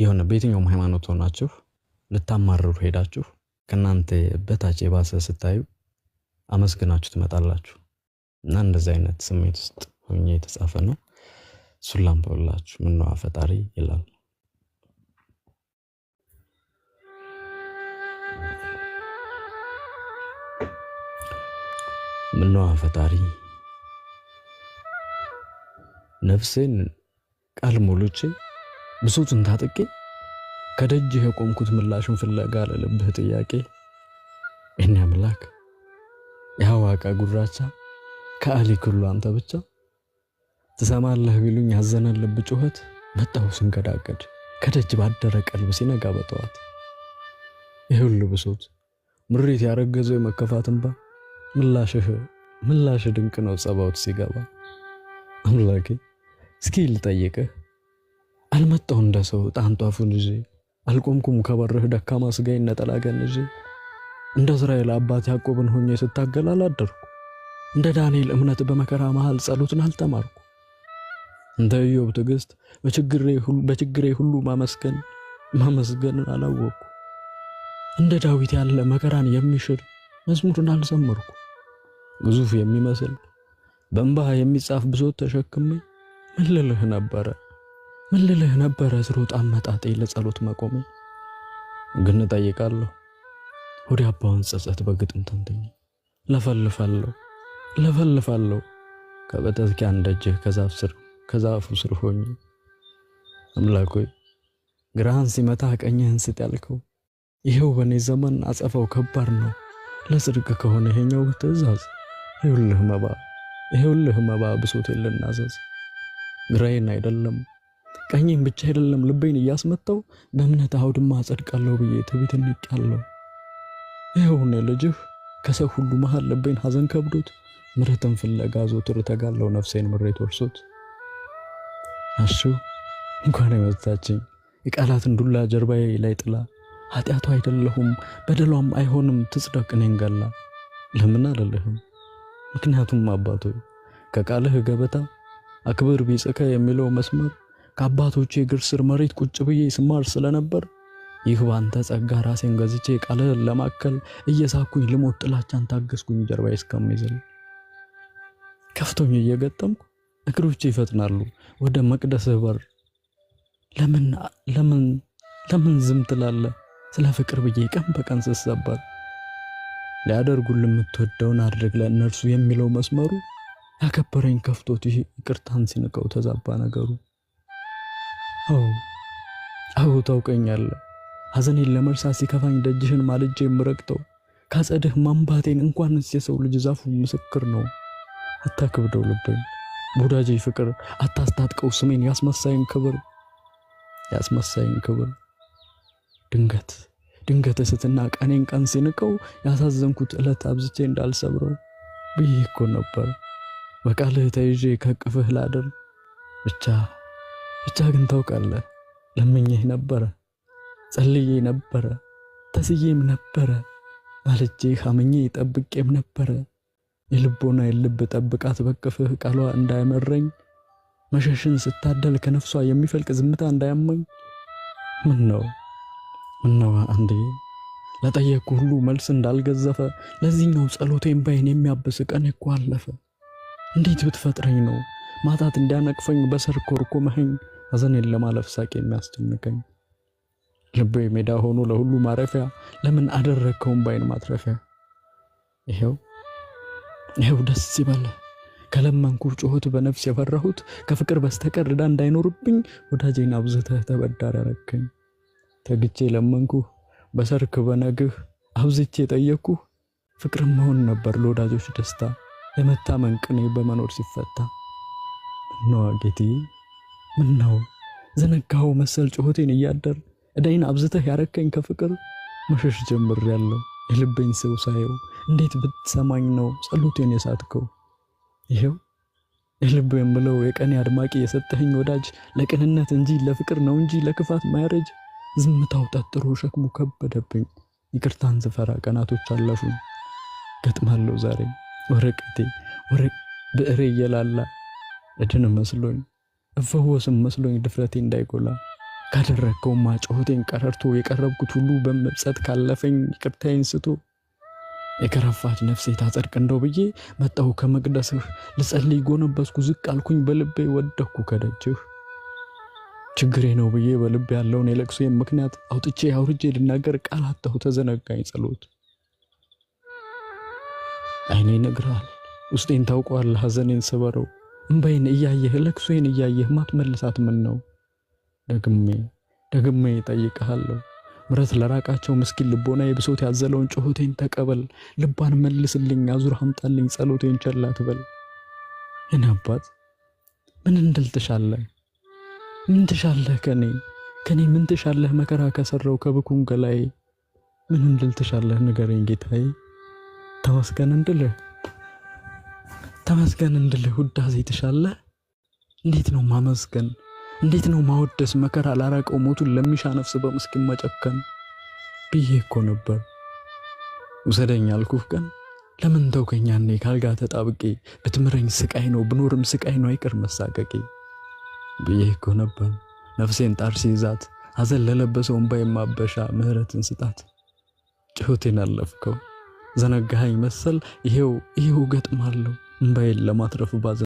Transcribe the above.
የሆነ በየትኛውም ሃይማኖት ሆናችሁ ልታማርሩ ሄዳችሁ ከእናንተ በታች የባሰ ስታዩ አመስግናችሁ ትመጣላችሁ። እና እንደዚህ አይነት ስሜት ውስጥ ሆኜ የተጻፈ ነው። እሱን ላንብብላችሁ። ምነዋ ፈጣሪ ይላል። ምነዋ ፈጣሪ ነፍሴን ቃል ሙሉቼ ብሶቱን ታጥቄ ከደጅህ የቆምኩት ምላሽን ፍለጋ ለልብህ ጥያቄ እኔ አምላክ የሐዋቃ ጉራቻ ከአሊ ክሉ አንተ ብቻ ትሰማለህ ቢሉኝ ያዘነን ልብ ጩኸት መጣሁ ስንገዳገድ ከደጅ ባደረ ቀልብ ሲነጋ በጠዋት ይሁሉ ብሶት ምሬት ያረገዘው የመከፋት እንባ ምላሽህ ምላሽ ድንቅ ነው ጸባውት ሲገባ አምላኬ እስኪ ልጠይቅህ አልመጣሁ እንደ ሰው ጣንጧፉን ይዤ አልቆምኩም ከበርህ ደካማ ስጋዬን ነጠላ ገንዤ እንደ እስራኤል አባት ያዕቆብን ሆኜ ስታገል አላደርኩ እንደ ዳንኤል እምነት በመከራ መሃል ጸሎትን አልተማርኩ እንደ ኢዮብ ትዕግስት በችግሬ ሁሉ ማመስገን ማመስገንን አላወቅኩ እንደ ዳዊት ያለ መከራን የሚሽር መዝሙርን አልዘመርኩ ግዙፍ የሚመስል በእንባህ የሚጻፍ ብሶት ተሸክሜ ምን ልልህ ነበረ ምን ልልህ ነበረ ስሮጥ አመጣጤ ለጸሎት መቆሜ ግን እጠይቃለሁ ወደ አባውን ጸጸት በግጥም ተንትኜ ለፈልፋለሁ ለፈልፋለሁ ከበተዝኪያ እንደጅህ ከዛፍ ስር ከዛፉ ስር ሆኜ አምላኮይ ግራህን ሲመታ ቀኝህን ስጥ ያልከው ይኸው በእኔ ዘመን አጸፋው ከባድ ነው። ለጽድቅ ከሆነ ይሄኛው ትእዛዝ ይሁልህ መባ ይኸውልህ መባ ብሶቴን ልናዘዝ ግራዬን አይደለም ቀኝም ብቻ አይደለም ልቤን እያስመጣው በእምነት አውድማ አጸድቃለሁ ብዬ ትቢት እንቅያለሁ። ይኸውነ ልጅህ ከሰው ሁሉ መሃል ልቤን ሐዘን ከብዶት ምረትን ፍለጋ ዞትር ተጋለው ነፍሴን ምሬት ወርሶት አሹ እንኳን የመታችኝ የቃላትን ዱላ ጀርባዬ ላይ ጥላ ኃጢአቱ አይደለሁም በደሏም አይሆንም ትጽደቅ እኔን ገላ ለምን አለልህም ምክንያቱም አባቶ ከቃልህ ገበታ አክብር ቢጽከ የሚለው መስመር ከአባቶቼ እግር ስር መሬት ቁጭ ብዬ ስማር ስለነበር ይህ ባንተ ጸጋ ራሴን ገዝቼ ቃልህን ለማከል እየሳኩኝ ልሞት ጥላቻን ታገስኩኝ ጀርባ እስከሚዝል ከፍቶኝ እየገጠምኩ እግሮቼ ይፈጥናሉ ወደ መቅደስህ በር። ለምን ለምን ለምን ዝም ትላለህ? ስለ ፍቅር ብዬ ቀን በቀን ስሰበር ሊያደርጉል የምትወደውን አድርግ ለእነርሱ የሚለው መስመሩ ያከበረኝ ከፍቶት ይቅርታን ሲንቀው ተዛባ ነገሩ። አዎ አዎ ታውቀኛለህ። ሐዘኔን ለመርሳት ሲከፋኝ ደጅህን ማልጄ የምረግጠው ካጸድህ ማንባቴን እንኳንስ የሰው ልጅ ዛፉ ምስክር ነው። አታክብደው ልብኝ! ቡዳጄ ፍቅር አታስታጥቀው ስሜን ያስመሳይን ክብር ያስመሳይን ክብር ድንገት ድንገት እስትና ቀኔን ቀን ሲንቀው ያሳዘንኩት ዕለት አብዝቼ እንዳልሰብረው ብዬ እኮ ነበር በቃልህ ተይዤ ከቅፍህ ላድር ብቻ ብቻ ግን ታውቃለህ፣ ለምኜህ ነበረ፣ ጸልዬ ነበረ፣ ተስዬም ነበረ፣ ማልጄህ አምኜ ጠብቄም ነበረ። የልቦና የልብ ጠብቃት በቅፍህ ቃሏ እንዳይመረኝ መሸሽን ስታደል ከነፍሷ የሚፈልቅ ዝምታ እንዳያመኝ። ምን ነው ነው አንዴ ለጠየቅኩ ሁሉ መልስ እንዳልገዘፈ ለዚህኛው ጸሎቴን ባይን የሚያብስ ቀን እኮ አለፈ። እንዴት ብትፈጥረኝ ነው ማታት እንዳነቅፈኝ በሰር ኮርኩመኸኝ ሐዘኔን ለማለፍ ሳቅ የሚያስደንቀኝ ልቤ ሜዳ ሆኖ ለሁሉ ማረፊያ ለምን አደረግከውን ባይን ማትረፊያ ይሄው ይኸው ደስ ይበለ ከለመንኩ ጩኸት በነፍስ የፈራሁት ከፍቅር በስተቀር ዕዳ እንዳይኖርብኝ ወዳጄን አብዝተህ ተበዳር ያረከኝ ተግቼ ለመንኩ በሰርክ በነግህ አብዝቼ ጠየቅኩ ፍቅር መሆን ነበር ለወዳጆች ደስታ ለመታመን ቅኔ በመኖር ሲፈታ ነዋ ጌቴ። ነው! ዘነጋው መሰል ጩኸቴን እያደር እዳይን አብዝተህ ያረከኝ ከፍቅር መሸሽ ጀምር ያለው የልበኝ ሰው ሳየው እንዴት ብትሰማኝ ነው ጸሎቴን የሳትከው? ይሄው የልብ የምለው የቀኔ አድማቂ የሰጠኸኝ ወዳጅ ለቅንነት እንጂ ለፍቅር ነው እንጂ ለክፋት ማያረጅ። ዝምታው ጠጥሮ ሸክሙ ከበደብኝ ይቅርታን ስፈራ ቀናቶች አለፉኝ። ገጥማለሁ ዛሬ ወረቀቴ ወረቅ ብዕሬ እየላላ እድን መስሎኝ እፈወስም መስሎኝ ድፍረቴ እንዳይጎላ ካደረግከውማ ጩኸቴን ቀረርቶ የቀረብኩት ሁሉ በመብጸት ካለፈኝ ይቅርታዬን ስቶ የከረፋች ነፍሴ ታጸድቅ እንደው ብዬ መጣሁ ከመቅደስህ ልጸልይ ጎነበስኩ ዝቅ አልኩኝ በልቤ ወደኩ ከደጅህ ችግሬ ነው ብዬ በልቤ ያለውን የለቅሶዬን ምክንያት አውጥቼ አውርጄ ልናገር ቃል አጣሁ ተዘነጋኝ ጸሎት አይኔ ይነግራል ውስጤን ታውቋል ሐዘኔን ስበረው እምባይን እያየህ ለቅሶዬን እያየህ ማትመልሳት ምን ነው? ደግሜ ደግሜ እጠይቅሃለሁ ምረት ለራቃቸው ምስኪን ልቦና የብሶት ያዘለውን ጩኸቴን ተቀበል። ልባን መልስልኝ፣ አዙር አምጣልኝ፣ ጸሎቴን ቸላ ትበል። የኔ አባት ምን እንድል ትሻለህ? ምን ትሻለህ ከኔ ከኔ ምን ትሻለህ? መከራ ከሰረው ከብኩን ገላዬ ምን እንድል ትሻለህ? ንገረኝ ጌታዬ፣ ተመስገን እንድልህ ተመስገን እንድልህ ውዳሴ የተሻለ እንዴት ነው ማመስገን? እንዴት ነው ማወደስ? መከራ ላራቀው ሞቱን ለሚሻ ነፍስ በምስኪን መጨከን ብዬ እኮ ነበር። ውሰደኝ አልኩህ ቀን ለምን ተውከኝ? ያኔ ካልጋ ተጣብቄ ብትምረኝ ስቃይ ነው ብኖርም ስቃይ ነው አይቀር መሳቀቄ ብዬ እኮ ነበር። ነፍሴን ጣር ሲይዛት አዘን ለለበሰው እንባይ ማበሻ ምህረትን ስጣት። ጭሆቴን አለፍከው ዘነጋኸኝ መሰል ይሄው ይሄው ገጥማለሁ እንባዬን ለማትረፍ ባዘ